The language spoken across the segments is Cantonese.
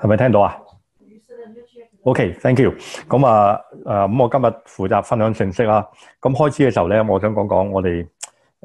係咪聽到啊？OK，thank、okay, you。咁啊，誒咁我今日負責分享信息啦。咁開始嘅時候咧，我想講講我哋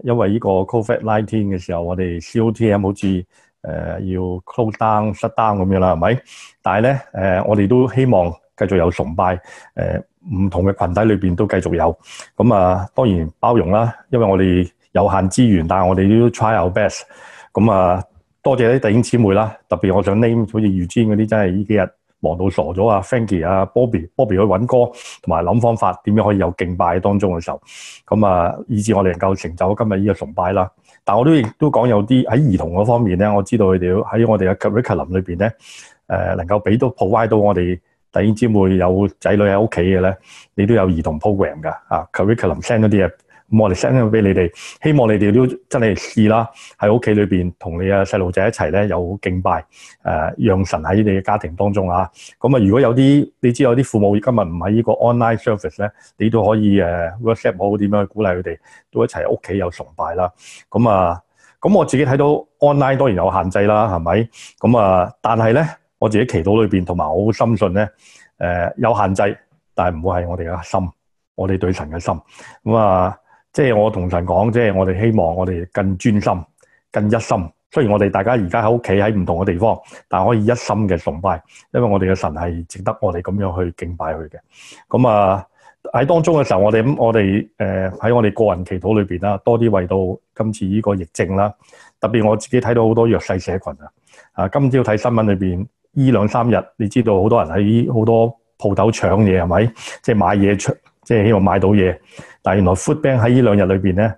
因為呢個 COVID-19 嘅時候，我哋 COTM 好似誒、呃、要 close down shutdown、咁樣啦，係咪？但係咧，誒、呃、我哋都希望繼續有崇拜，誒、呃、唔同嘅群體裏邊都繼續有。咁啊，當然包容啦，因為我哋有限資源，但係我哋都要 try our best、嗯。咁啊。多謝啲弟兄姊妹啦，特別我想 name 好似 Yu j 嗰啲，真係呢幾日忙到傻咗 Frankie, 啊 f a n k y 啊，Bobby，Bobby 去揾歌，同埋諗方法點樣可以有敬拜當中嘅時候，咁啊，以至我哋能夠成就今日呢個崇拜啦。但我都亦都講有啲喺兒童嗰方面咧，我知道佢哋喺我哋嘅 Curriculum 裏邊咧，誒、呃、能夠俾到 provide 到我哋弟兄姊妹有仔女喺屋企嘅咧，你都有兒童 program 㗎啊！Curriculum s e 先嗰啲嘢。咁我哋 send 咗俾你哋，希望你哋都真係試啦，喺屋企裏面，同你嘅細路仔一齊咧有敬拜，誒、呃、讓神喺你嘅家庭當中啊。咁啊，如果有啲你知道有啲父母今日唔喺呢個 online service 呢，你都可以誒 WhatsApp、呃、好點樣鼓勵佢哋都一齊屋企有崇拜啦。咁啊，咁我自己睇到 online 當然有限制啦，係咪？咁啊，但係呢，我自己祈禱裏面同埋我好深信呢誒、啊、有限制，但係唔會係我哋嘅心，我哋對神嘅心。咁啊～即係我同神講，即係我哋希望我哋更專心、更一心。雖然我哋大家而家喺屋企喺唔同嘅地方，但可以一心嘅崇拜，因為我哋嘅神係值得我哋咁樣去敬拜佢嘅。咁啊喺當中嘅時候，我哋咁我哋誒喺我哋個人祈禱裏邊啦，多啲為到今次呢個疫症啦。特別我自己睇到好多弱勢社群啊，啊今朝睇新聞裏邊呢兩三日，你知道好多人喺好多鋪頭搶嘢係咪？即係買嘢出即係希望買到嘢，但原來 Food Bank 喺呢兩日裏面咧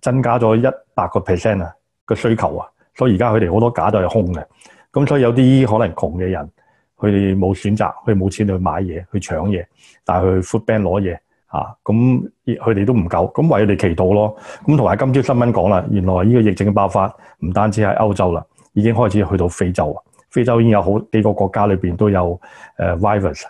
增加咗一百個 percent 啊個需求啊，所以而家佢哋好多假都係空嘅，咁所以有啲可能窮嘅人佢哋冇選擇，佢冇錢去買嘢去搶嘢，但係去 Food Bank 攞嘢咁佢哋、啊、都唔夠，咁為佢哋祈禱咯。咁同埋今朝新聞講啦，原來呢個疫情嘅爆發唔單止喺歐洲啦，已經開始去到非洲啦，非洲已經有好幾個國家裏面都有 virus。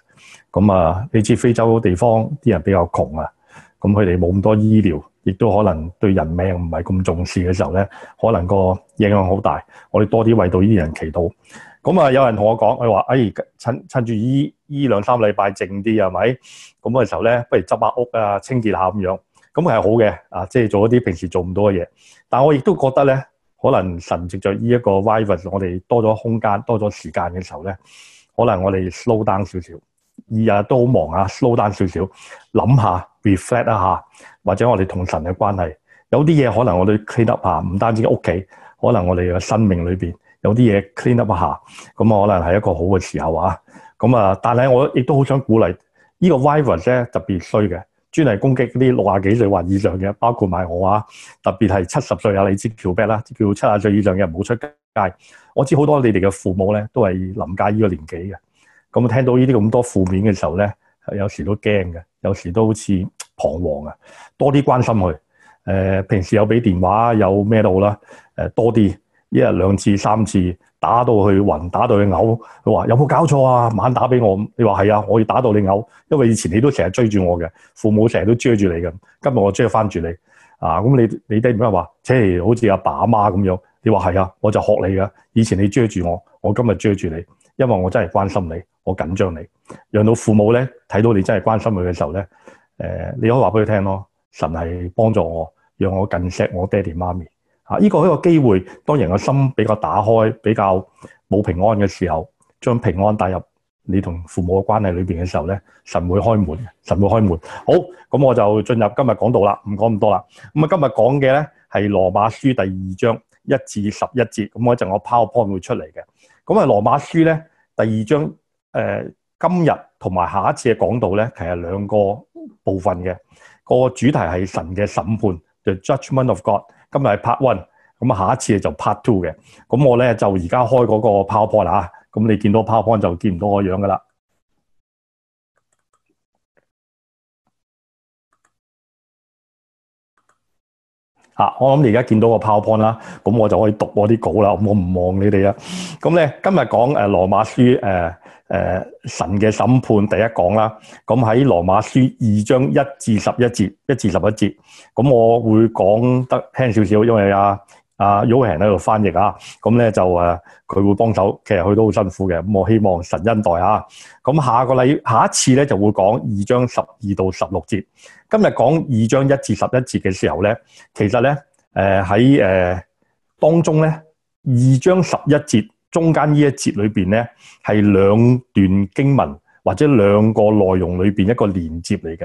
咁啊，你知非洲地方啲人比較窮啊，咁佢哋冇咁多醫療，亦都可能對人命唔係咁重視嘅時候咧，可能個影響好大。我哋多啲為到呢啲人祈禱。咁啊，有人同我講，佢話：哎、欸，趁趁住呢依兩三個禮拜靜啲，啊，係咪？咁嘅時候咧，不如執下屋啊，清潔下咁樣，咁係好嘅啊。即係做一啲平時做唔到嘅嘢。但我亦都覺得咧，可能神藉着呢一個 virus，我哋多咗空間、多咗時間嘅時候咧，可能我哋 slow down 少少。二日都好忙啊，slow down 少少，諗下，下 reflect 一下，或者我哋同神嘅關係，有啲嘢可能我哋 clean up 下，唔單止屋企，可能我哋嘅生命裏邊有啲嘢 clean up 下，咁啊可能係一個好嘅時候啊，咁啊，但係我亦都好想鼓勵、這個、呢個 virus 咧特別衰嘅，專係攻擊啲六十幾歲或以上嘅，包括埋我啊，特別係七十歲啊，你知橋北啦，叫七十歲以上嘅人唔好出街，我知好多你哋嘅父母咧都係臨界呢個年紀嘅。咁啊，聽到呢啲咁多負面嘅時候呢，有時都驚嘅，有時都好似彷徨啊。多啲關心佢，平時有畀電話，有咩都好啦。多啲一日兩次、三次打到佢暈，打到佢嘔。佢話有冇搞錯啊？晚打畀我，你話係啊？我要打到你嘔，因為以前你都成日追住我嘅，父母成日都追住你嘅。今日我追翻住你咁、啊、你你唔唔係話，即好似阿爸阿媽咁樣。你話係啊？我就學你嘅。以前你追住我，我今日追住你，因為我真係關心你。我緊張你，讓到父母咧睇到你真係關心佢嘅時候咧，誒，你可以話俾佢聽咯。神係幫助我，讓我更錫我爹哋媽咪。啊，依個係一個機會，當人嘅心比較打開、比較冇平安嘅時候，將平安帶入你同父母嘅關係裏邊嘅時候咧，神會開門，神會開門。好，咁我就進入今日講道啦，唔講咁多啦。咁啊，今日講嘅咧係羅馬書第二章一至十一節。咁一陣我 PowerPoint 會出嚟嘅。咁啊，羅馬書咧第二章。誒、呃，今日同埋下一次嘅講道咧，其實兩個部分嘅，個主題係神嘅審判，就 Judgment of God 今。今日係 Part One，咁啊下一次就 Part Two 嘅。咁我咧就而家開嗰個 PowerPoint 嚇，咁你見到 PowerPoint 就見唔到我樣噶啦。啊！我諗你而家見到個 powerpoint 啦，咁我就可以讀我啲稿啦。我唔望你哋啦，咁咧，今日講誒羅馬書誒、呃呃、神嘅審判第一講啦。咁喺羅馬書二章一至十一節，一至十一節。咁我會講得輕少少，因為啊～啊，Yohan 喺度翻譯啊，咁咧就誒，佢會幫手，其實佢都好辛苦嘅。咁我希望神恩待啊。咁下個禮下一次咧就會講二章十二到十六節。今日講二章一至十一節嘅時候咧，其實咧誒喺誒當中咧二章十一節中間呢一節裏邊咧係兩段經文或者兩個內容裏邊一個連接嚟嘅。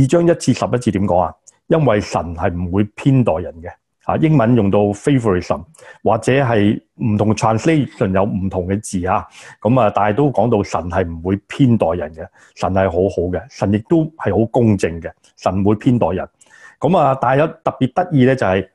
二章一至十一節點講啊？因為神係唔會偏待人嘅。啊！英文用到 favoritism 或者係唔同 translation 有唔同嘅字啊。咁啊，但係都講到神係唔會偏待人嘅，神係好好嘅，神亦都係好公正嘅，神唔會偏待人。咁啊，但係有特別得意咧，就係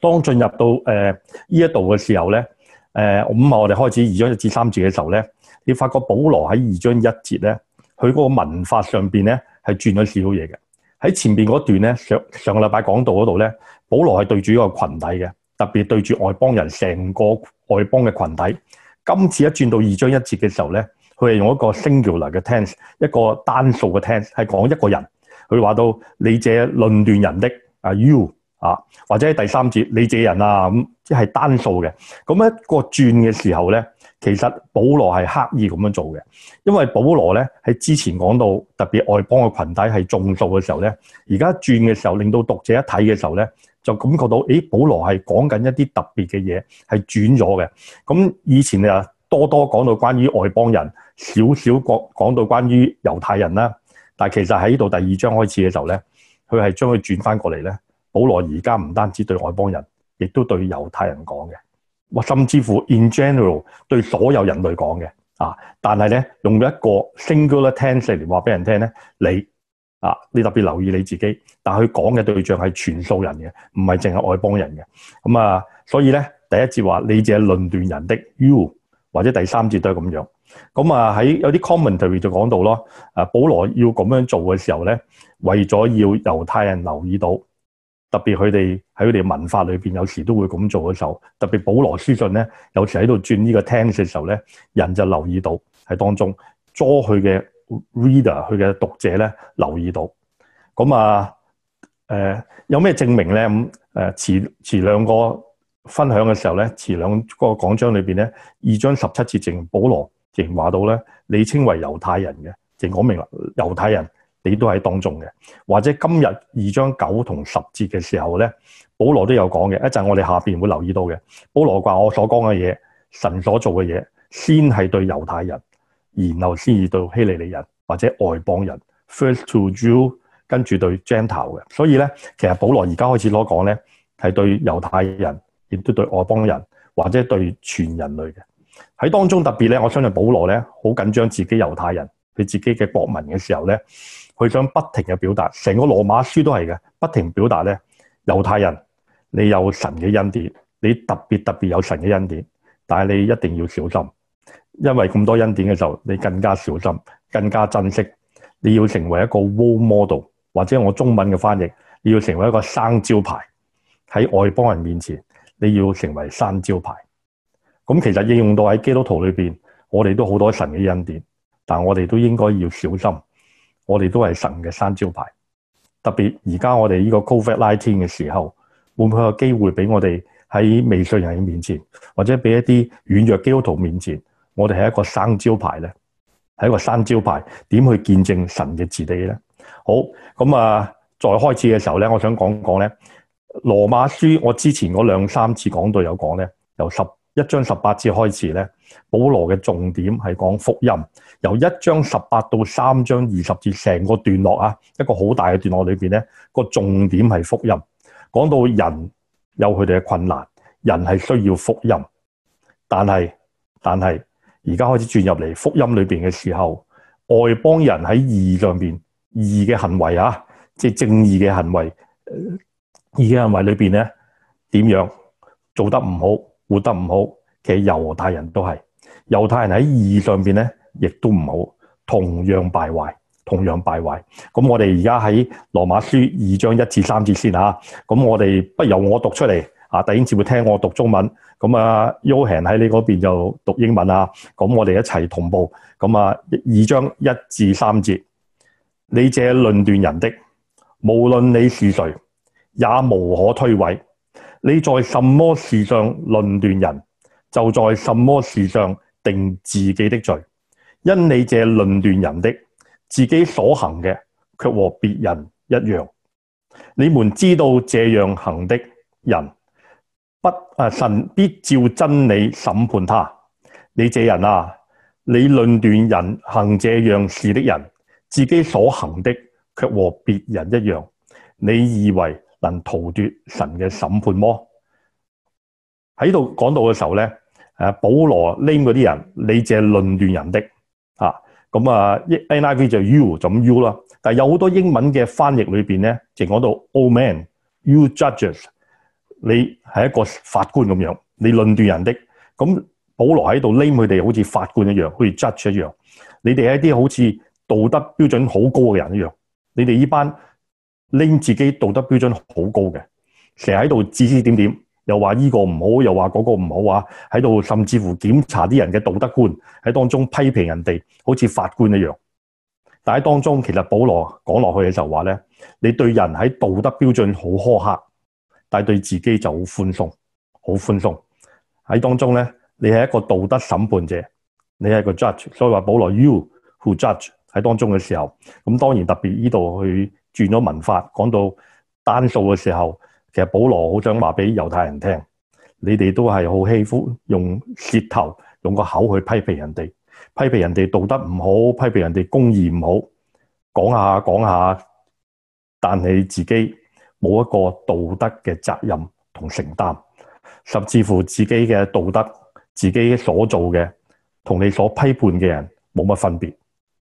當進入到誒呢、呃、一度嘅時候咧，誒咁啊，我哋開始二章一至三節嘅時候咧，你發覺保羅喺二章一節咧，佢個文法上邊咧係轉咗少少嘢嘅。喺前邊嗰段咧，上上個禮拜講到嗰度咧。保羅是對着一個群體的，特別對着外邦人，成個外邦的群體。今次一轉到二章一節的時候呢，佢係用一個 singular 的 tense，一個單數的 tense，是講一個人。佢話，到你這論斷人的啊，you 啊，或者是第三節你這人啊，即係單數嘅。咁一個轉的時候呢，其實保羅是刻意這樣做的。因為保羅咧，喺之前講到特別外邦的群體是眾數的時候呢，而家轉的時候，令到讀者一睇的時候呢就感覺到，咦、欸？保羅係講緊一啲特別嘅嘢，係轉咗嘅。咁以前啊，多多講到關於外邦人，少少講到關於猶太人啦。但其實喺呢度第二章開始嘅時候咧，佢係將佢轉翻過嚟咧。保羅而家唔單止對外邦人，亦都對猶太人講嘅。甚至乎 in general 對所有人類講嘅。啊，但係咧用一個 singular tense 嚟話俾人聽咧，你。啊！你特別留意你自己，但係佢講嘅對象係全數人嘅，唔係淨係外邦人嘅。咁啊，所以咧第一節話你淨係論斷人的 you，或者第三節都係咁樣。咁啊喺有啲 commentary 就講到咯。啊，保羅要咁樣做嘅時候咧，為咗要猶太人留意到，特別佢哋喺佢哋文化裏邊有時都會咁做嘅時候，特別保羅書信咧有時喺度轉呢個 tense 嘅時候咧，人就留意到喺當中捉佢嘅。reader 佢嘅讀者咧留意到，咁啊，誒、呃、有咩證明咧？咁誒前前兩個分享嘅時候咧，前兩個講章裏邊咧，二章十七節淨，保羅淨話到咧，你稱為猶太人嘅，淨講明啦，猶太人你都喺當中嘅，或者今日二章九同十節嘅時候咧，保羅都有講嘅，一陣我哋下邊會留意到嘅，保羅話我所講嘅嘢，神所做嘅嘢，先係對猶太人。然後先至對希利利人或者外邦人，First to Jew 跟住對 Gentile 嘅。所以呢，其實保羅而家開始攞講呢，係對猶太人，亦都對外邦人，或者對全人類嘅。喺當中特別呢，我相信保羅呢，好緊張自己猶太人佢自己嘅國民嘅時候呢，佢想不停嘅表達，成個羅馬書都係嘅，不停表達呢：猶太人，你有神嘅恩典，你特別特別有神嘅恩典，但係你一定要小心。因為咁多恩典嘅時候，你更加小心，更加珍惜。你要成為一個 role model，或者我中文嘅翻譯，你要成為一個生招牌喺外邦人面前。你要成為生招牌。咁其實應用到喺基督徒裏邊，我哋都好多神嘅恩典，但我哋都應該要小心。我哋都係神嘅生招牌。特別而家我哋呢個 COVID-19 嘅時候，會唔會有機會俾我哋喺未信人面前，或者俾一啲軟弱基督徒面前？我哋係一個生招牌呢，係一個生招牌，點去見證神嘅旨意呢？好，咁啊。在開始嘅時候呢，我想講講呢，《羅馬書》我之前嗰兩三次講到有講呢，由十一章十八節開始呢，保羅嘅重點係講福音，由一章十八到三章二十節，成個段落啊，一個好大嘅段落裡面呢，個重點係福音，講到人有佢哋嘅困難，人係需要福音，但係但係而家開始轉入嚟福音裏面嘅時候，外邦人喺義上邊，義嘅行為啊，即正義嘅行為，義嘅行為裏面呢點樣做得唔好，活得唔好。其實猶太人都係，猶太人喺義上面呢，亦都唔好，同樣敗壞，同樣敗壞。咁我哋而家喺羅馬書二章一至三節先啊，咁我哋不由我讀出嚟。啊！弟兄姊妹會聽我讀中文咁啊，Yohan 喺你嗰邊就讀英文啊。咁我哋一齊同步咁啊。二章一至三節，你這論斷人的，無論你是誰，也無可推諉。你在什麼事上論斷人，就在什麼事上定自己的罪。因你這論斷人的，自己所行嘅卻和別人一樣。你們知道這樣行的人。不，啊神必照真理審判他。你這人啊，你論斷人行這樣事的人，自己所行的卻和別人一樣，你以為能逃脱神嘅審判麼？喺度講到嘅時候咧，誒，保羅 name 嗰啲人，你這論斷人的啊，咁啊，NIV 就 you 就咁 you 啦。但係有好多英文嘅翻譯裏邊咧，就講到 all men you judges。你係一個法官咁樣，你論斷人的，咁保羅喺度拎佢哋好似法官一樣，好似 judge 一樣。你哋一啲好似道德標準好高嘅人一樣，你哋依班拎自己道德標準好高嘅，成日喺度指指點點，又話呢個唔好，又話嗰個唔好啊，喺度甚至乎檢查啲人嘅道德觀，喺當中批評人哋，好似法官一樣。但喺當中，其實保羅講落去嘅就話咧，你對人喺道德標準好苛刻。但對自己就好寬鬆，好寬鬆，喺當中呢，你係一個道德審判者，你係一個 judge，所以話保羅 you who judge 喺當中嘅時候，咁當然特別呢度去轉咗文法，講到單數嘅時候，其實保羅好想話俾猶太人聽，你哋都係好欺負，用舌頭用個口去批評人哋，批評人哋道德唔好，批評人哋公義唔好，講下講下，但你自己。冇一個道德嘅責任同承擔，甚至乎自己嘅道德、自己所做嘅，同你所批判嘅人冇乜分別，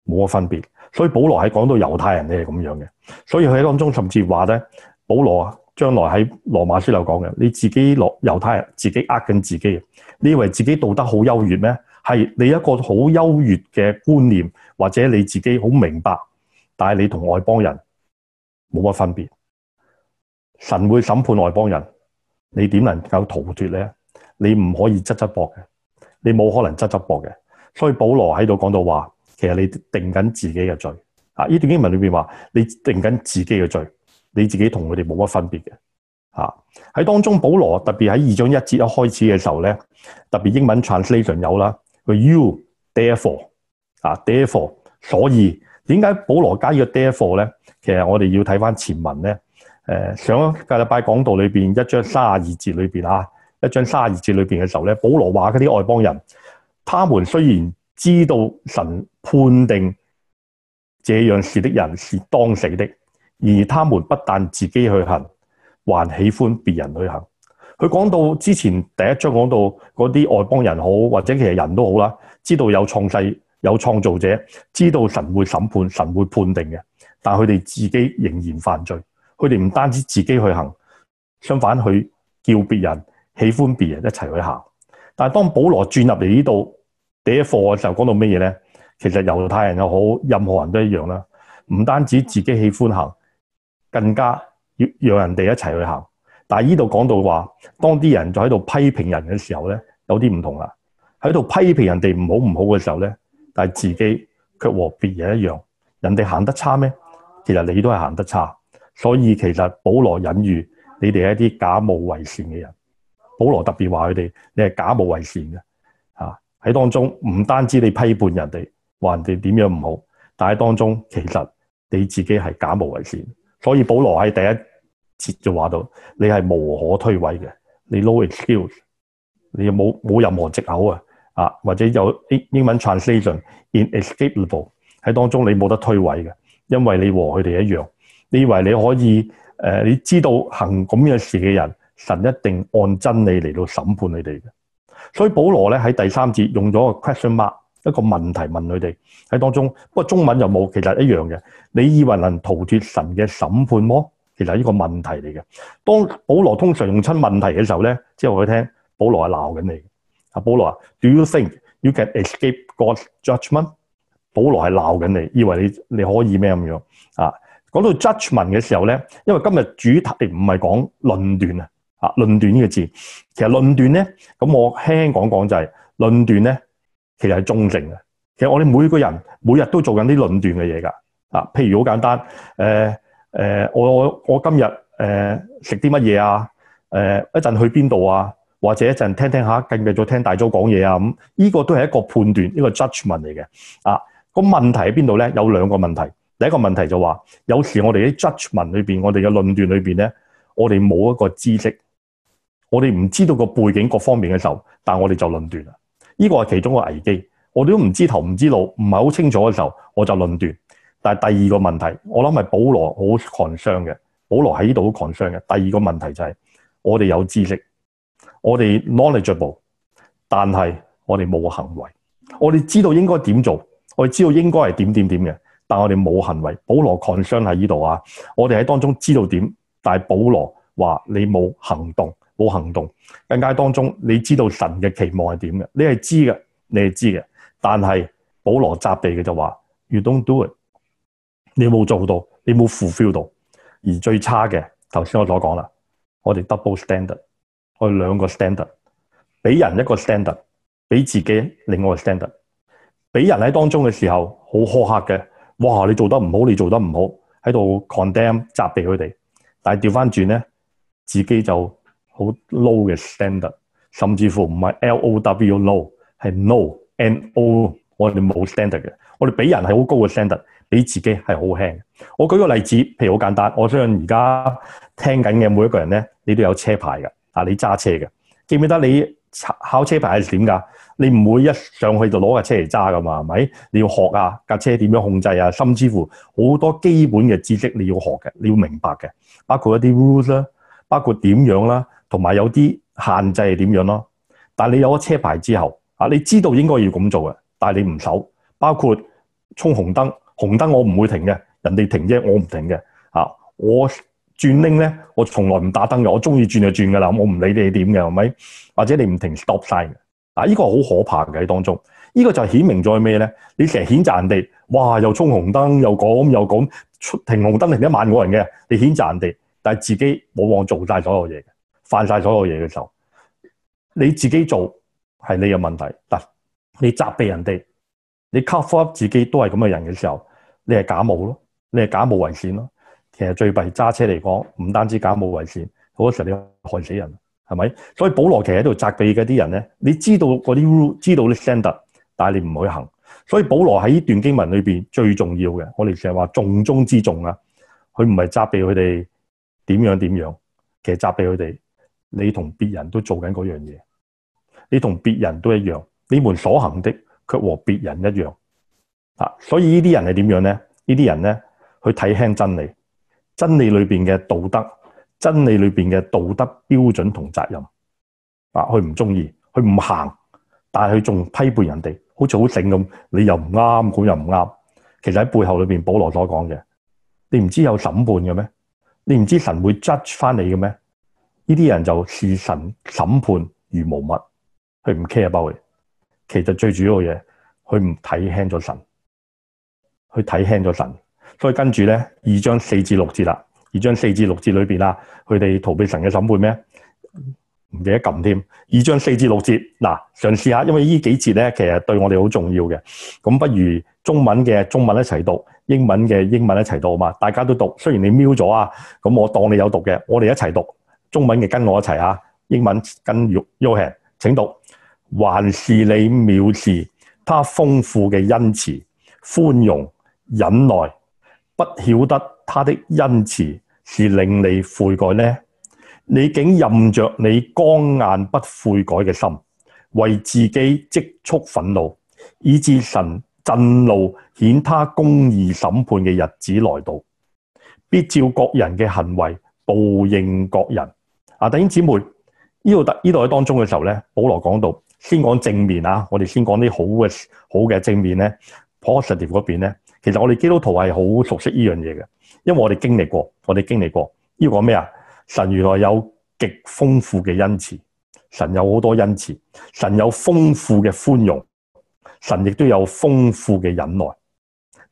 冇乜分別。所以保羅喺講到猶太人咧係咁樣嘅，所以佢喺當中甚至話咧，保羅啊，將來喺羅馬書有講嘅，你自己落猶太人，自己呃緊自己，你以為自己道德好優越咩？係你一個好優越嘅觀念，或者你自己好明白，但係你同外邦人冇乜分別。神會審判外邦人，你點能夠逃脫呢？你唔可以側側膊嘅，你冇可能側側膊嘅。所以保羅喺度講到話，其實你定緊自己嘅罪。啊，呢段經文裏邊話你定緊自己嘅罪，你自己同佢哋冇乜分別嘅。喺當中保羅特別喺二章一節一開始嘅時候咧，特別英文 translation 有啦佢「You therefore」啊，therefore 所以點解保羅加呢個 therefore 咧？其實我哋要睇返前文咧。誒，上個禮拜講到裏面，一章三十二節裏面。啊，一章三十二節裏面嘅時候咧，保羅話嗰啲外邦人，他們雖然知道神判定這樣事的人是當死的，而他們不但自己去行，還喜歡別人去行。佢講到之前第一章講到嗰啲外邦人好，或者其實人都好啦，知道有創世有創造者，知道神會審判，神會判定嘅，但佢哋自己仍然犯罪。佢哋唔單止自己去行，相反去叫別人喜歡別人一齊去行。但係當保羅轉入嚟呢度第一課嘅時候，講到咩嘢呢？其實猶太人又好，任何人都一樣啦。唔單止自己喜歡行，更加要讓人哋一齊去行。但係呢度講到話，當啲人就喺度批評人嘅時候呢，有啲唔同啦。喺度批評人哋唔好唔好嘅時候呢，但係自己卻和別人一樣，人哋行得差咩？其實你都係行得差。所以其實保羅隱喻你哋一啲假冒為善嘅人，保羅特別話佢哋你係假冒為善嘅，喺當中唔單止你批判人哋話人哋點樣唔好，但係當中其實你自己係假冒為善。所以保羅喺第一節就話到你係無可推諉嘅，你 no excuse，你又冇冇任何藉口啊，啊或者有英英文 translation inescapable 喺當中你冇得推諉嘅，因為你和佢哋一樣。你以為你可以、呃、你知道行咁嘅事嘅人，神一定按真理嚟到審判你哋。所以保羅咧喺第三節用咗個 question mark，一個問題問佢哋喺當中。不過中文就冇，其實一樣嘅。你以為能逃脫神嘅審判麼？其實係一個問題嚟嘅。當保羅通常用出問題嘅時候呢，即係我哋聽保羅係鬧緊你。阿保羅啊，Do you think you can escape God’s judgment？保羅係鬧緊你，以為你你可以咩咁樣啊？講到 judgment 嘅時候呢，因為今日主題唔係講論斷啊，啊，論斷呢個字，其實論斷呢，咁我輕輕講講就係、是、論斷呢，其實係中性嘅。其實我哋每個人每日都做緊啲論斷嘅嘢㗎，啊，譬如好簡單，誒、呃、我我，我今日誒食啲乜嘢啊，一、呃、陣、呃、去邊度啊，或者一陣聽一聽下，繼唔繼續聽大佐講嘢啊，咁呢、這個都係一個判斷，呢個 judgment 嚟嘅，啊，個問題喺邊度咧？有兩個問題。第一個問題就話，有時我哋啲 judgement 裏面我哋嘅論斷裏面呢我,我哋冇一個知識，我哋唔知道個背景各方面嘅時候，但我哋就論斷啊。呢個係其中一個危機，我哋都唔知頭唔知路，唔係好清楚嘅時候，我就論斷。但係第二個問題，我諗係保羅好狂傷的，保羅喺呢度好狂傷的，第二個問題就係我哋有知識，我哋 knowledgeable，但係我哋冇行為，我哋知道應該點做，我哋知道應該係點點點嘅。但我哋冇行為，保羅 concern 喺呢度啊！我哋喺當中知道點，但保羅話你冇行動，冇行動，更加當中你知道神嘅期望係點嘅，你係知嘅，你係知嘅。但係保羅責備嘅就話，you don’t do it，你冇做到，你冇 fulfill 到。而最差嘅，頭先我所講啦，我哋 double standard，我哋兩個 standard，俾人一個 standard，俾自己另外一個 standard，俾人喺當中嘅時候好苛刻嘅。哇！你做得唔好，你做得唔好，喺度 condemn，責備佢哋。但係調返轉咧，自己就好 low 嘅 standard，甚至乎唔係 low，low 係 no，no。我哋冇 standard 嘅，我哋俾人係好高嘅 standard，俾自己係好輕的。我舉個例子，譬如好簡單，我相信而家聽緊嘅每一個人呢，你都有車牌嘅，啊，你揸車嘅，記唔記得你考車牌係點㗎？你唔會一上去就攞架車嚟揸㗎嘛？係咪？你要學啊，架車點樣控制啊，甚至乎好多基本嘅知識你要學嘅，你要明白嘅，包括一啲 rules 啦，包括點樣啦，同埋有啲限制係點樣咯。但你有咗車牌之後，啊，你知道應該要咁做嘅，但你唔守。包括衝紅燈，紅燈我唔會停嘅，人哋停啫，我唔停嘅。啊，我轉彎呢，我從來唔打燈嘅，我中意轉就轉㗎啦，我唔理你點嘅，係咪？或者你唔停 stop sign 嘅。啊！呢個好可怕嘅喺當中，呢個就係顯明在咩咧？你成日譴責人哋，哇！又衝紅燈，又講又講，停紅燈停一萬個人嘅，你譴責人哋，但係自己冇望做晒所有嘢，犯晒所有嘢嘅時候，你自己做係你嘅問題。但你責備人哋，你 cover up 自己都係咁嘅人嘅時候，你係假冒咯，你係假冒為善咯。其實最弊揸車嚟講，唔單止假冒為善，好多時候你會害死人。係咪？所以保羅其實喺度責備嘅啲人呢，你知道嗰啲 rule，知道啲 standard 但係你唔去行。所以保羅喺呢段經文裏面最重要嘅，我哋成日話重中之重啊。佢唔係責備佢哋點樣點樣，其實責備佢哋你同別人都做緊嗰樣嘢，你同別人都一樣，你們所行的卻和別人一樣。啊，所以呢啲人係點樣咧？呢啲人呢去睇輕真理，真理裏面嘅道德。真理裏面嘅道德標準同責任，啊，佢唔中意，佢唔行，但係佢仲批判人哋好似好醒咁。你又唔啱，咁又唔啱。其實喺背後裏面，保羅所講嘅，你唔知有審判嘅咩？你唔知神會 judge 返你嘅咩？呢啲人就視神審判如無物，佢唔 care about 佢。其實最主要嘅嘢，佢唔睇輕咗神，佢睇輕咗神。所以跟住呢，二章四至六節啦。二章四至六節裏面，啊，佢哋逃避神嘅審判咩？唔記得撳添。二章四至六節，嗱，嘗試下，因為呢幾節呢，其實對我哋好重要嘅。咁不如中文嘅中文一齊讀，英文嘅英文一齊讀嘛！大家都讀，雖然你瞄咗啊，咁我當你有讀嘅，我哋一齊讀。中文嘅跟我一齊啊，英文跟 Yohan，請讀。還是你藐視他豐富嘅恩慈、寬容、忍耐，不曉得。他的恩慈是令你悔改呢？你竟任着你剛硬不悔改嘅心，為自己積蓄憤怒，以致神震怒，顯他公義審判嘅日子來到，必照各人嘅行為報應各人。啊，弟兄姊妹，呢度特呢度當中嘅時候呢，保羅講到先講正面啊，我哋先講啲好嘅好嘅正面呢 positive 嗰邊呢。其實我哋基督徒係好熟悉呢樣嘢嘅，因為我哋經歷過，我哋經歷過呢、這個咩啊？神原來有極豐富嘅恩慈，神有好多恩慈，神有豐富嘅寬容，神亦都有豐富嘅忍耐。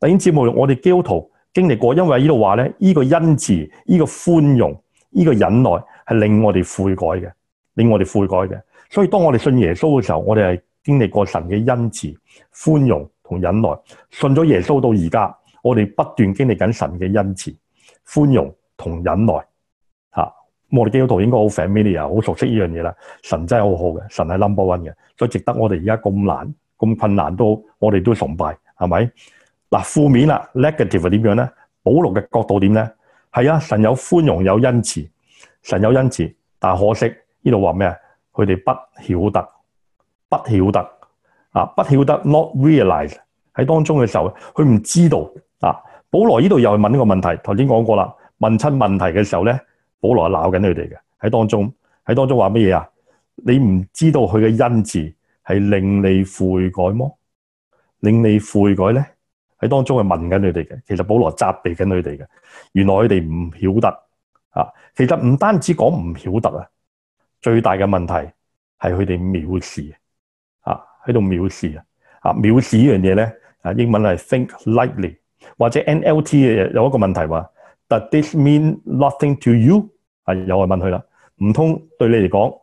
因此，無論我哋基督徒經歷過，因為呢度話呢，呢、這個恩慈、呢、這個寬容、呢、這個忍耐，係令我哋悔改嘅，令我哋悔改嘅。所以當我哋信耶穌嘅時候，我哋係經歷過神嘅恩慈、寬容。同忍耐，信咗耶穌到而家，我哋不斷經歷緊神嘅恩慈、寬容同忍耐。吓、啊，我哋基督徒應該好 familiar，好熟悉呢樣嘢啦。神真係好好嘅，神係 number one 嘅，所以值得我哋而家咁難、咁困難都，我哋都崇拜，係咪？嗱、啊，負面啦，negative 係點樣咧？保羅嘅角度點咧？係啊，神有寬容，有恩慈，神有恩慈，但可惜呢度話咩啊？佢哋不曉得，不曉得。啊！唔曉得，not realize 喺當中嘅時候，佢唔知道啊。保羅呢度又問呢個問題。頭先講過了，問出問題嘅時候呢，保羅鬧緊佢哋嘅喺當中，喺當中話乜嘢啊？你唔知道佢嘅恩字係令你悔改嗎，令你悔改呢，喺當中係問緊佢哋嘅。其實保羅責備緊佢哋嘅。原來佢哋唔曉得啊。其實唔單止講唔曉得啊，最大嘅問題係佢哋藐視。喺度藐視啊！啊，藐視呢樣嘢咧，啊英文係 think lightly，或者 NLT 嘅有一個問題話：Does this mean nothing to you？嗯、啊，有個人問佢啦，唔通對你嚟講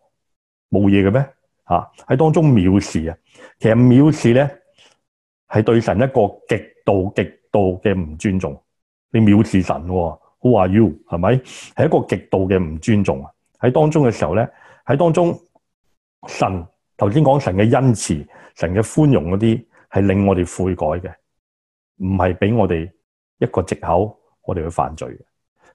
冇嘢嘅咩？嚇，喺當中藐視啊！其實藐視咧係對神一個極度極度嘅唔尊重，你藐視神，Who、哦、are you？係咪？係一個極度嘅唔尊重啊！喺當中嘅時候咧，喺當中神。頭先講神嘅恩慈、神嘅寬容嗰啲，係令我哋悔改嘅，唔係俾我哋一個藉口，我哋去犯罪嘅。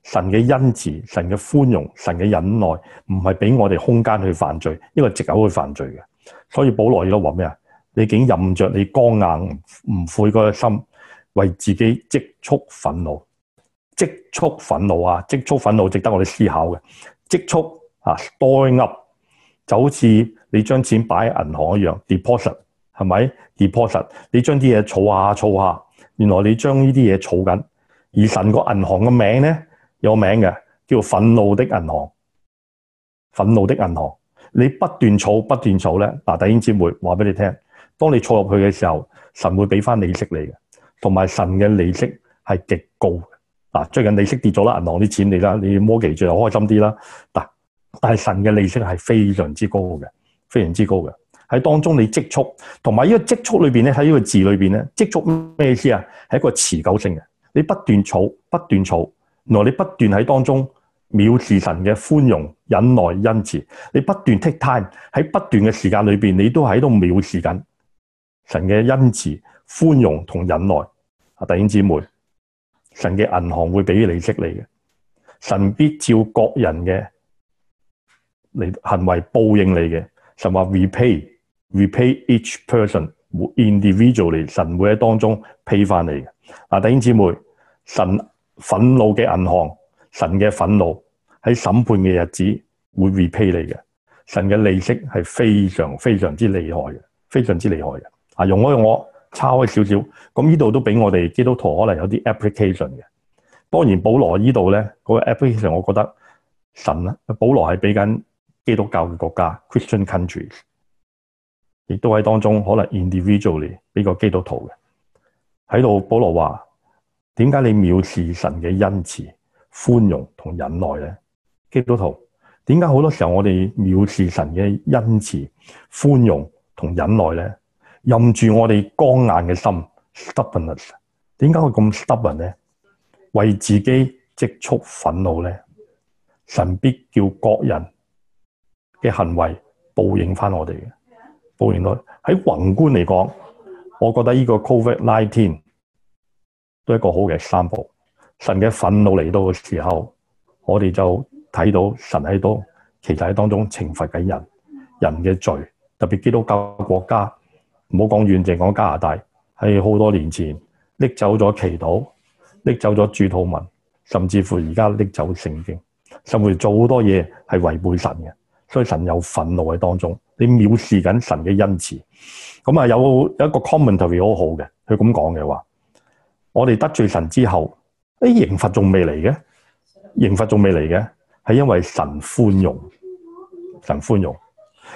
神嘅恩慈、神嘅寬容、神嘅忍耐，唔係俾我哋空間去犯罪，一個藉口去犯罪嘅。所以保羅佢都話咩啊？你竟任着你剛硬唔悔改嘅心，為自己積蓄憤怒，積蓄憤怒啊！積蓄憤怒值得我哋思考嘅。積蓄啊，storing up 就好似。你將錢擺喺銀行是不是一樣，deposit 係咪？deposit 你將這些啲嘢，儲下儲下，原來你將這些東西儲緊。而神的銀行的名咧，有名嘅，叫憤怒的銀行。憤怒的銀行，你不斷儲不斷儲呢嗱，弟兄姊妹話俾你聽，當你儲入去的時候，神會俾返你利息你嘅，同埋神的利息是極高的。嗱，最近利息跌了，銀行的錢你要摸 mortgage 就開心啲，但是神的利息是非常之高的。非常之高嘅，喺當中你積蓄，同埋呢個積蓄裏面，呢喺呢個字裏面，咧，積蓄咩意思啊？係一個持久性嘅，你不斷儲，不斷儲，原來你不斷喺當中藐視神嘅寬容、忍耐、恩慈，你不斷 take time 喺不斷嘅時間裏面，你都係喺度藐視緊神嘅恩慈、寬容同忍耐。啊，弟兄姊妹，神嘅銀行會俾利息你嘅，神必照各人嘅嚟行為報應你嘅。神話 Rep repay，repay each person individually。神會喺當中 pay 翻你嘅。啊，弟兄姊妹，神憤怒嘅銀行，神嘅憤怒喺審判嘅日子會 repay 你嘅。神嘅利息係非常非常之厲害嘅，非常之厲害嘅。啊，用我用我差開少少，咁呢度都畀我哋基督徒可能有啲 application 嘅。當然，保羅呢度呢嗰個 application，我覺得神啊，保羅係畀緊。基督教嘅國家 Christian countries，亦都喺當中可能 individually 呢個基督徒在喺度。保羅話，點解你藐視神嘅恩慈、寬容同忍耐呢？基督徒，點解好多時候我哋藐視神嘅恩慈、寬容同忍耐呢？任住我哋剛硬嘅心 stubbornness，點解我咁 stubborn 呢？為自己積蓄憤怒呢？神必叫各人。嘅行為報應返我哋嘅報應到喺宏觀嚟講，我覺得呢個 Covid 19都係一個好嘅 sample。神嘅憤怒嚟到嘅時候，我哋就睇到神喺度，其實喺當中懲罰緊人人嘅罪，特別基督教國家唔好講遠，淨講加拿大係好多年前拎走咗祈禱，拎走咗主禱文，甚至乎而家拎走聖經，甚至做好多嘢係違背神嘅。所以神有憤怒嘅當中，你藐視緊神嘅恩慈。咁啊，有一個 comment 特別好好嘅，佢咁講嘅話：我哋得罪神之後，啲刑罰仲未嚟嘅，刑罰仲未嚟嘅，係因為神寬容，神寬容。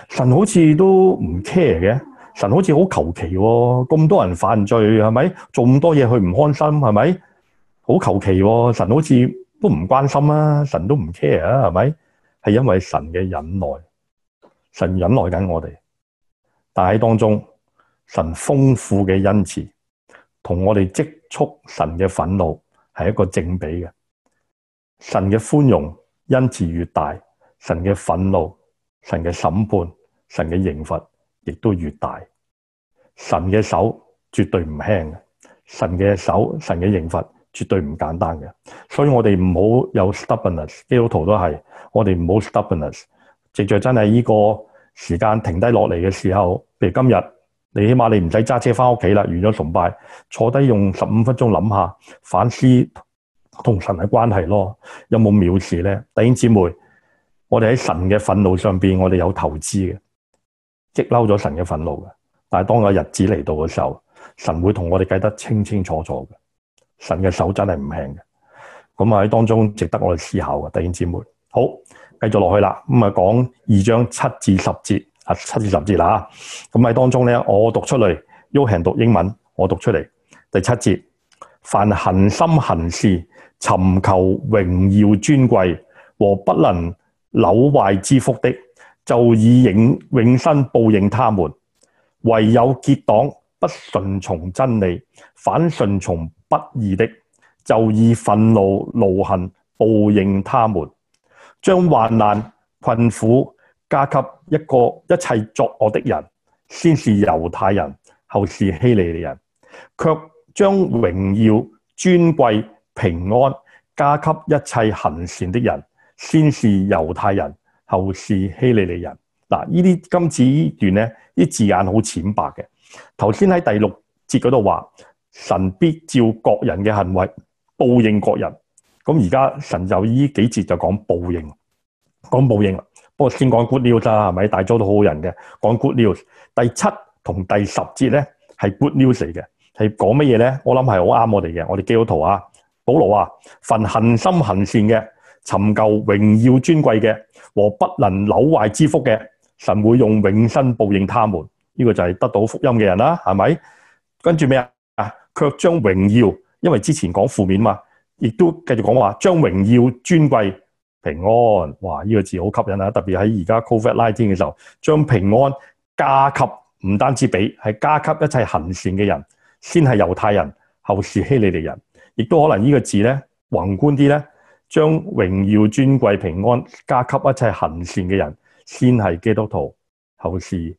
神好似都唔 care 嘅，神好似好求其喎。咁多人犯罪係咪？做咁多嘢佢唔開心係咪？好求其喎，神好似都唔關心啊，神都唔 care 啊係咪？是不是？係因為神嘅忍耐，神忍耐緊我哋，但喺當中，神豐富嘅恩慈同我哋積蓄神嘅憤怒係一個正比嘅。神嘅寬容恩慈越大，神嘅憤怒、神嘅審判、神嘅刑罰亦都越大。神嘅手絕對唔輕嘅，神嘅手、神嘅刑罰。絕對唔簡單嘅，所以我哋唔好有 stubbornness，基督徒都係，我哋唔好 stubbornness。直至真係呢個時間停低落嚟嘅時候，譬如今日，你起碼你唔使揸車返屋企啦，完咗崇拜，坐低用十五分鐘諗下反思同神嘅關係咯，有冇藐視呢？弟兄姊妹，我哋喺神嘅憤怒上面，我哋有投資嘅，激嬲咗神嘅憤怒嘅。但係當個日子嚟到嘅時候，神會同我哋計得清清楚楚嘅。神嘅手真係唔輕嘅，咁喺當中值得我哋思考嘅弟兄姊妹。好，繼續落去啦。咁啊，講二章七至十節，七至十節啦。咁喺當中呢，我讀出嚟，u 行讀英文，我讀出嚟。第七節，凡恆心行事尋求榮耀尊貴和不能扭壞之福的，就以永生報應他們。唯有結黨不順從真理，反順從。不義的，就以憤怒、怒恨報應他們，將患難、困苦加給一個一切作惡的人，先是猶太人，後是希利尼人；卻將榮耀、尊貴、平安加給一切行善的人，先是猶太人，後是希利尼人。嗱，呢啲今次呢段咧，啲字眼好淺白嘅。頭先喺第六節嗰度話。神必照各人嘅行為報應各人，咁而家神就呢幾節就講報應，講報應不過先講 good news 啦，係咪？大家都好人嘅，講 good news。第七同第十節呢係 good news 嚟嘅，係講乜嘢呢？我諗係好啱我哋嘅，我哋基督徒啊，保羅啊，凡恆心行善嘅，尋求榮耀尊貴嘅和不能朽壞之福嘅，神會用永生報應他們。呢個就係得到福音嘅人啦，係咪？跟住咩？卻將榮耀，因為之前講負面嘛，亦都繼續講話將榮耀尊貴平安，哇！呢個字好吸引啊，特別喺而家 COVID-19 嘅時候，將平安加給唔單止畀係加給一切行善嘅人，先係猶太人，後是希利尼人，亦都可能呢個字呢，宏觀啲呢，「將榮耀尊貴平安加給一切行善嘅人，先係基督徒，後是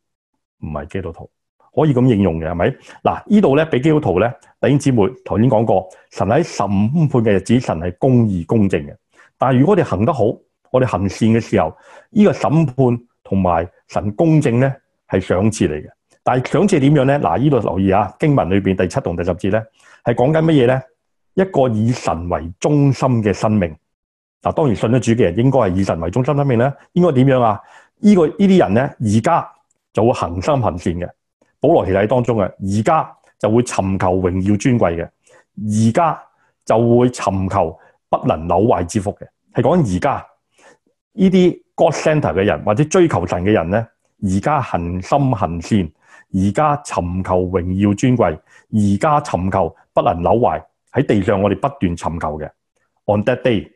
唔係基督徒。」可以咁應用嘅係咪？嗱，呢度咧俾基督徒呢，弟兄姊妹頭先講過，神喺審判嘅日子，神係公義公正嘅。但如果我哋行得好，我哋行善嘅時候，呢個審判同埋神公正呢係賞賜嚟嘅。但係賞賜點樣呢？嗱，呢度留意啊，經文裏面第七同第十節呢，係講緊乜嘢呢？一個以神為中心嘅生命。嗱，當然信得主嘅人應該係以神為中心生命呢，應該點樣啊？呢個依啲人呢，而家就會恆心行善嘅。保羅提到當中啊，而家就會尋求榮耀尊貴嘅，而家就會尋求不能朽壞之福嘅，係講而家呢啲 God Center 嘅人或者追求神嘅人呢，而家恒心行善，而家尋求榮耀尊貴，而家尋求不能朽壞，喺地上我哋不斷尋求嘅。On that day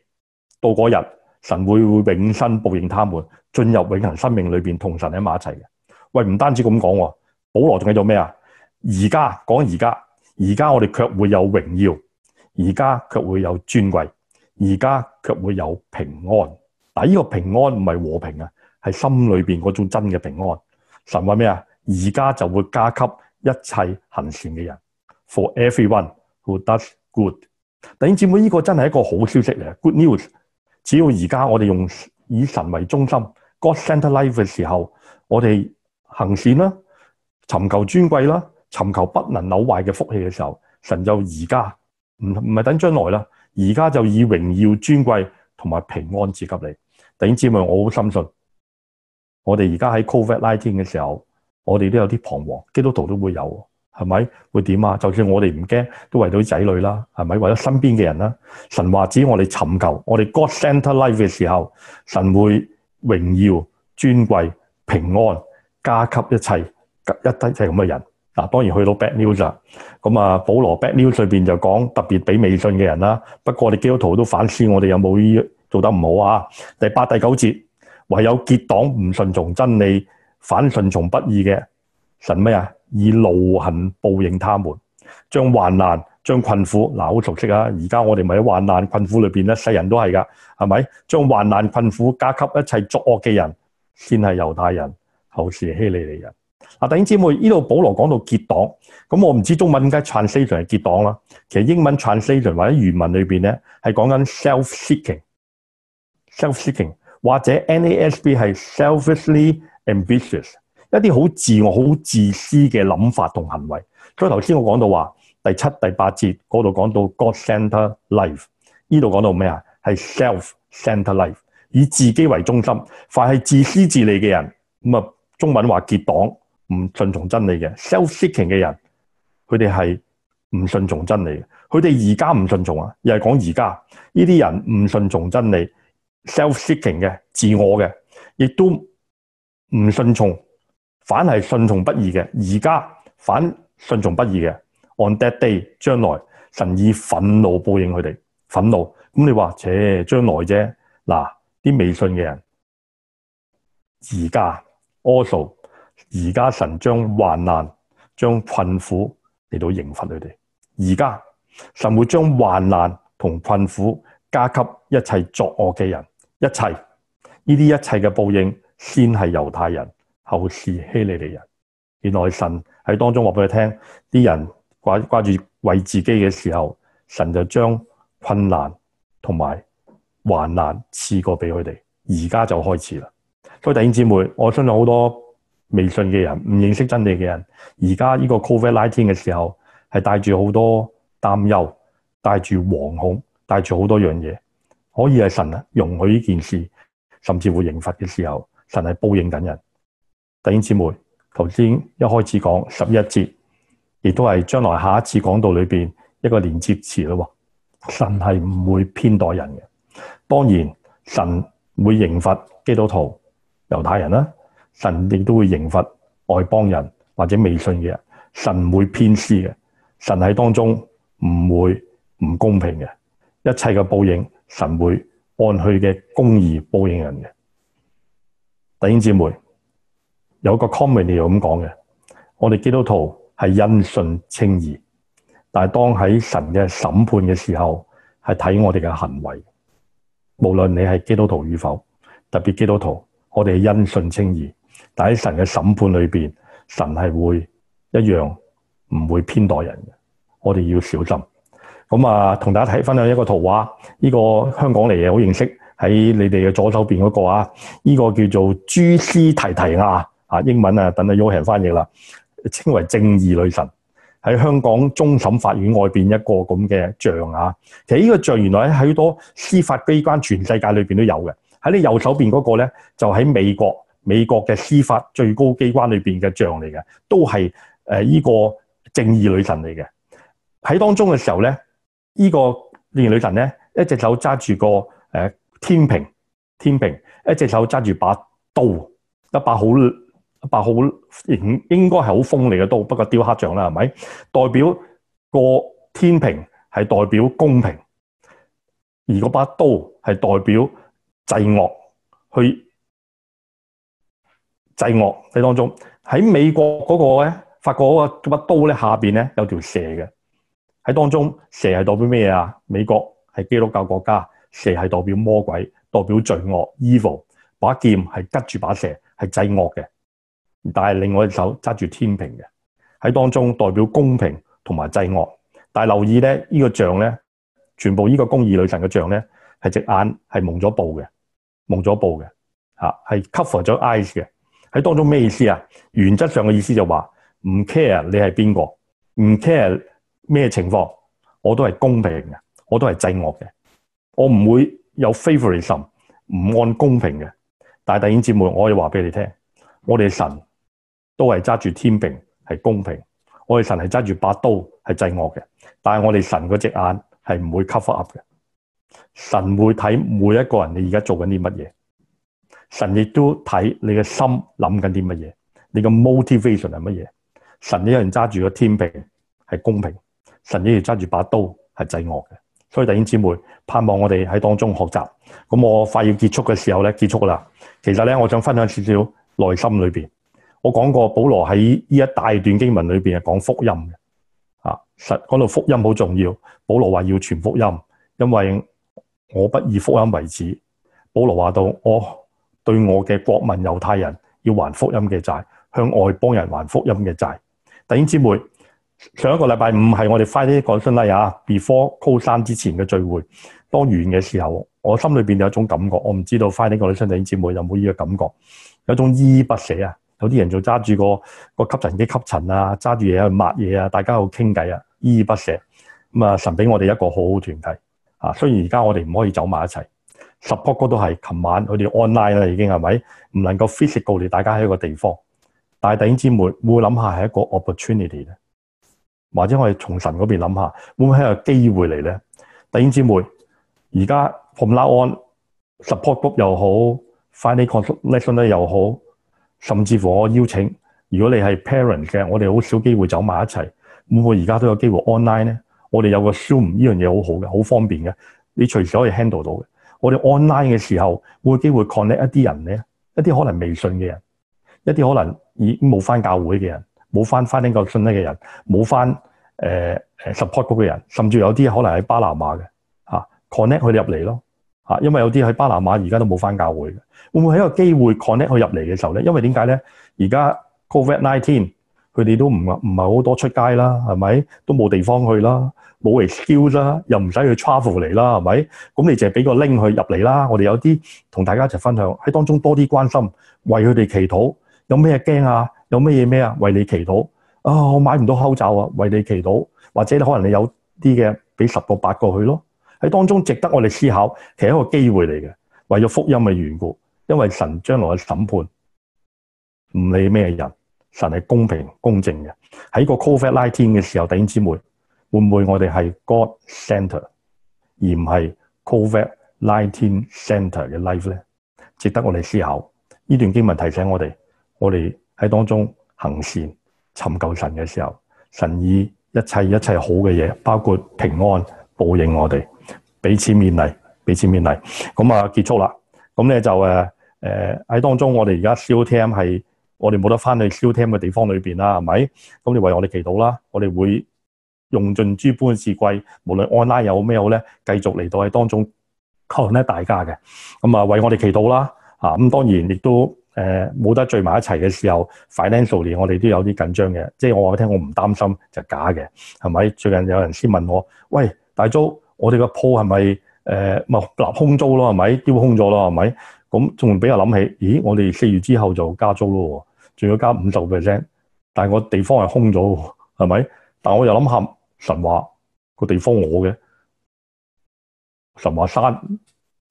到嗰日，神會永生報應他們，進入永恒生命裏面，同神喺埋一齊嘅。喂，唔單止咁講喎。保羅仲喺度做咩啊？而家講而家，而家我哋卻會有榮耀，而家卻會有尊貴，而家卻會有平安。但呢個平安唔係和平啊，係心裏邊嗰種真嘅平安。神話咩啊？而家就會加給一切行善嘅人，for everyone who does good。弟兄姊妹，呢個真係一個好消息嚟啊！Good news！只要而家我哋用以神為中心，God centre life 嘅時候，我哋行善啦。尋求尊貴啦，尋求不能扭壞嘅福氣嘅時候，神就而家唔，唔係等將來啦，而家就以榮耀尊貴同埋平安接給你。頂姐妹，我好深信，我哋而家喺 COVID-19 嘅時候，我哋都有啲彷徨，基督徒都會有，係咪會點啊？就算我哋唔驚，都為到仔女啦，係咪為咗身邊嘅人啦？神話指我哋尋求，我哋 God Center Life 嘅時候，神會榮耀尊貴平安加給一切。一睇就係咁嘅人，嗱當然去到 bad news 啦。咁啊，保羅 bad news 裏面就講，特別畀未信嘅人啦。不過我們基督徒都反思，我哋有冇呢做得唔好啊？第八、第九節，唯有結黨唔順從真理、反順從不義嘅神咩啊？以怒恨報應他們，將患難、將困苦，嗱好熟悉啊！而家我哋咪喺患難困苦裏面咧，世人都係噶，係咪？將患難困苦加給一切作惡嘅人，先係猶太人，後是希利尼人。弟兄姐妹，依度保羅講到結黨，咁我唔知中文點解 translation 係結黨啦。其實英文 translation 或者原文裏邊咧，係講緊 self-seeking，self-seeking 或者 NASB 係 selfishly ambitious，一啲好自我、好自私嘅諗法同行為。所以頭先我講到話第七、第八節嗰度講到 God-centred life，呢度講到咩啊？係 self-centred life，以自己為中心，凡係自私自利嘅人，咁啊，中文話結黨。唔信從真理嘅 self-seeking 嘅人，佢哋係唔信從真理嘅。佢哋而家唔信從啊，又係講而家呢啲人唔信從真理，self-seeking 嘅自我嘅，亦都唔信從，反係信從不義嘅。而家反信從不義嘅。On that day 將來神以憤怒報應佢哋，憤怒咁你話，切將來啫嗱啲未信嘅人而家 also 而家神將患難、將困，將困苦嚟到刑罰佢哋。而家神會將患難同困苦加給一切作惡嘅人。一切呢啲一切嘅報應，先係猶太人，後是希利利人。原來神喺當中話俾佢聽，啲人掛掛住為自己嘅時候，神就將困難同埋患難賜過俾佢哋。而家就開始啦。各位弟兄姊妹，我相信好多。未信嘅人，唔認識真理嘅人，而家呢個 COVID-19 嘅時候，係帶住好多擔憂，帶住惶恐，帶住好多樣嘢，可以係神容許呢件事，甚至會刑罰嘅時候，神係報應緊人。弟兄姊妹，頭先一開始講十一節，亦都係將來下一次講到裏邊一個連接詞喎，神係唔會偏待人嘅，當然神會刑罰基督徒、猶太人啦。神亦都會懲罰外邦人或者未信嘅人，神唔會偏私嘅，神喺當中唔會唔公平嘅，一切嘅報應神會按佢嘅公義報應人嘅。弟兄姐妹，有個 commentary 咁講嘅，我哋基督徒係因信稱義，但係當喺神嘅審判嘅時候係睇我哋嘅行為，無論你係基督徒與否，特別基督徒，我哋係因信稱義。但喺神嘅審判裏面，神係會一樣唔會偏待人嘅。我哋要小心。咁啊，同大家分享一個圖畫，呢個香港嚟嘅好認識。喺你哋嘅左手邊嗰個啊，呢個叫做朱斯提提亞啊，英文啊，等你約翰翻譯啦，稱為正義女神。喺香港終審法院外邊一個咁嘅像啊。其實呢個像原來喺好多司法機關全世界裏面都有嘅。喺你右手邊嗰個呢，就喺美國。美國嘅司法最高機關裏面嘅像嚟嘅，都係呢個正義女神嚟嘅。喺當中嘅時候咧，依、呢個正義女神呢，一隻手揸住個天平，天平一隻手揸住把刀，一把好應該是應該係好鋒利嘅刀，不過雕刻像啦，係咪？代表個天平係代表公平，而嗰把刀係代表制惡去。制惡喺當中，喺美國嗰個呢，法國嗰個把刀呢，下面呢，有條蛇嘅，喺當中蛇係代表咩啊？美國係基督教國家，蛇係代表魔鬼，代表罪惡 （evil）。把劍係拮住把蛇，係制惡嘅。但是另外一手揸住天平嘅，喺當中代表公平同埋制惡。但是留意呢，呢、呢個像呢，全部呢個公義女神嘅像呢，係隻眼係蒙咗布嘅，蒙咗布嘅，係 cover 咗 eyes 嘅。喺當中咩意思啊？原則上嘅意思就話唔 care 你係邊個，唔 care 咩情況，我都係公平嘅，我都係制惡嘅，我唔會有 favoritism，唔按公平嘅。但係弟兄姊妹，我可以話俾你聽，我哋神都係揸住天平，係公平；我哋神係揸住把刀，係制惡嘅。但係我哋神嗰隻眼係唔會 cover up 嘅，神會睇每一個人你而家做緊啲乜嘢。神亦都睇你嘅心諗緊啲乜嘢，你嘅 motivation 係乜嘢？神有人揸住個天平係公平，神有人揸住把刀係制惡嘅。所以弟兄姊妹，盼望我哋喺當中學習。咁我快要結束嘅時候呢，結束啦。其實呢，我想分享少少內心裏面。我講過保羅喺呢一大段經文裏面係講福音嘅啊，實講到福音好重要。保羅話要傳福音，因為我不以福音為恥。保羅話到我。對我嘅國民猶太人要還福音嘅債，向外邦人還福音嘅債。弟兄姊妹，上一個禮拜五係我哋 fighting 嗰啲兄弟啊，before 高三之前嘅聚會，當完嘅時候，我心裏面有一種感覺，我唔知道 fighting 嗰啲兄弟姊妹有冇呢個感覺，有一種依依不捨啊。有啲人就揸住個個吸塵機吸塵啊，揸住嘢去抹嘢啊，大家喺度傾偈啊，依依不捨。咁啊，神俾我哋一個好好團體啊，雖然而家我哋唔可以走埋一齊。support 都係琴晚佢哋 online 啦，已經係咪唔能夠 physical 嚟？大家喺一個地方，但係弟兄姊妹會諗下係一個 opportunity 咧，或者我哋從神嗰邊諗下，會唔會係一個機會嚟呢？弟兄姊妹而家 from now on support group 又好 family consultation 又好，甚至乎我邀請，如果你係 parent 嘅，我哋好少機會走埋一齊，會唔會而家都有機會 online 呢？我哋有個 Zoom 呢樣嘢，好好嘅，好方便嘅，你隨時可以 handle 到嘅。我哋 online 嘅時候，會有機會 connect 一啲人呢，一啲可能未信嘅人，一啲可能已經冇返教會嘅人，冇返返英 n 信息嘅人，冇返誒 support group 嘅人，甚至有啲可能喺巴拿馬嘅 connect 佢入嚟咯。因為有啲喺巴拿馬而家都冇返教會嘅，會唔會喺個機會 connect 佢入嚟嘅時候呢？因為點解呢？而家 COVID-19。佢哋都唔唔係好多出街啦，係咪？都冇地方去啦，冇嚟 skill 啦，又唔使去 travel 嚟啦，係咪？咁你淨係俾個拎去入嚟啦。我哋有啲同大家一齊分享喺當中多啲關心，為佢哋祈禱。有咩驚啊？有咩嘢咩啊？為你祈禱。啊、哦，我買唔到口罩啊，為你祈禱。或者你可能你有啲嘅畀十個八個去咯。喺當中值得我哋思考，其實係一個機會嚟嘅，為咗福音嘅緣故，因為神將來嘅審判唔理咩人。神係公平公正嘅，喺個 COVID-19 嘅時候，弟兄姊妹會唔會我哋係 God center 而唔係 COVID-19 center 嘅 life 咧？值得我哋思考。呢段經文提醒我哋，我哋喺當中行善尋求神嘅時候，神以一切一切好嘅嘢，包括平安報應我哋，彼此勉勵，彼此勉勵。咁啊，結束啦。咁咧就誒誒喺當中，我哋而家我哋冇得翻去燒聽嘅地方裏邊啦，係咪？咁你為我哋祈禱啦，我哋會用盡諸般嘅智慧，無論 online 有咩好咧，繼續嚟到喺當中溝通咧大家嘅。咁啊，為我哋祈禱啦，嚇咁當然亦都誒冇得聚埋一齊嘅時候，financially 我哋都有啲緊張嘅，即係我話你聽我唔擔心就假嘅，係咪？最近有人先問我，喂大租，我哋個鋪係咪誒唔立空租咯，係咪丟空咗咯，係咪？咁仲俾人諗起，咦我哋四月之後就加租咯？仲要加五十個 percent，但係我地方係空咗，係咪？但我又諗下神話個地方我嘅，神話山，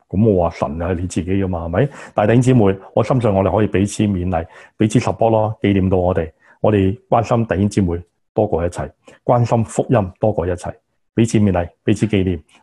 咁我話神係、啊、你自己噶嘛，係咪？但弟兄姐妹，我相信我哋可以彼此勉勵，彼此 support 囉，紀念到我哋，我哋關心弟兄姐妹多過一切，關心福音多過一切，彼此勉勵，彼此紀念。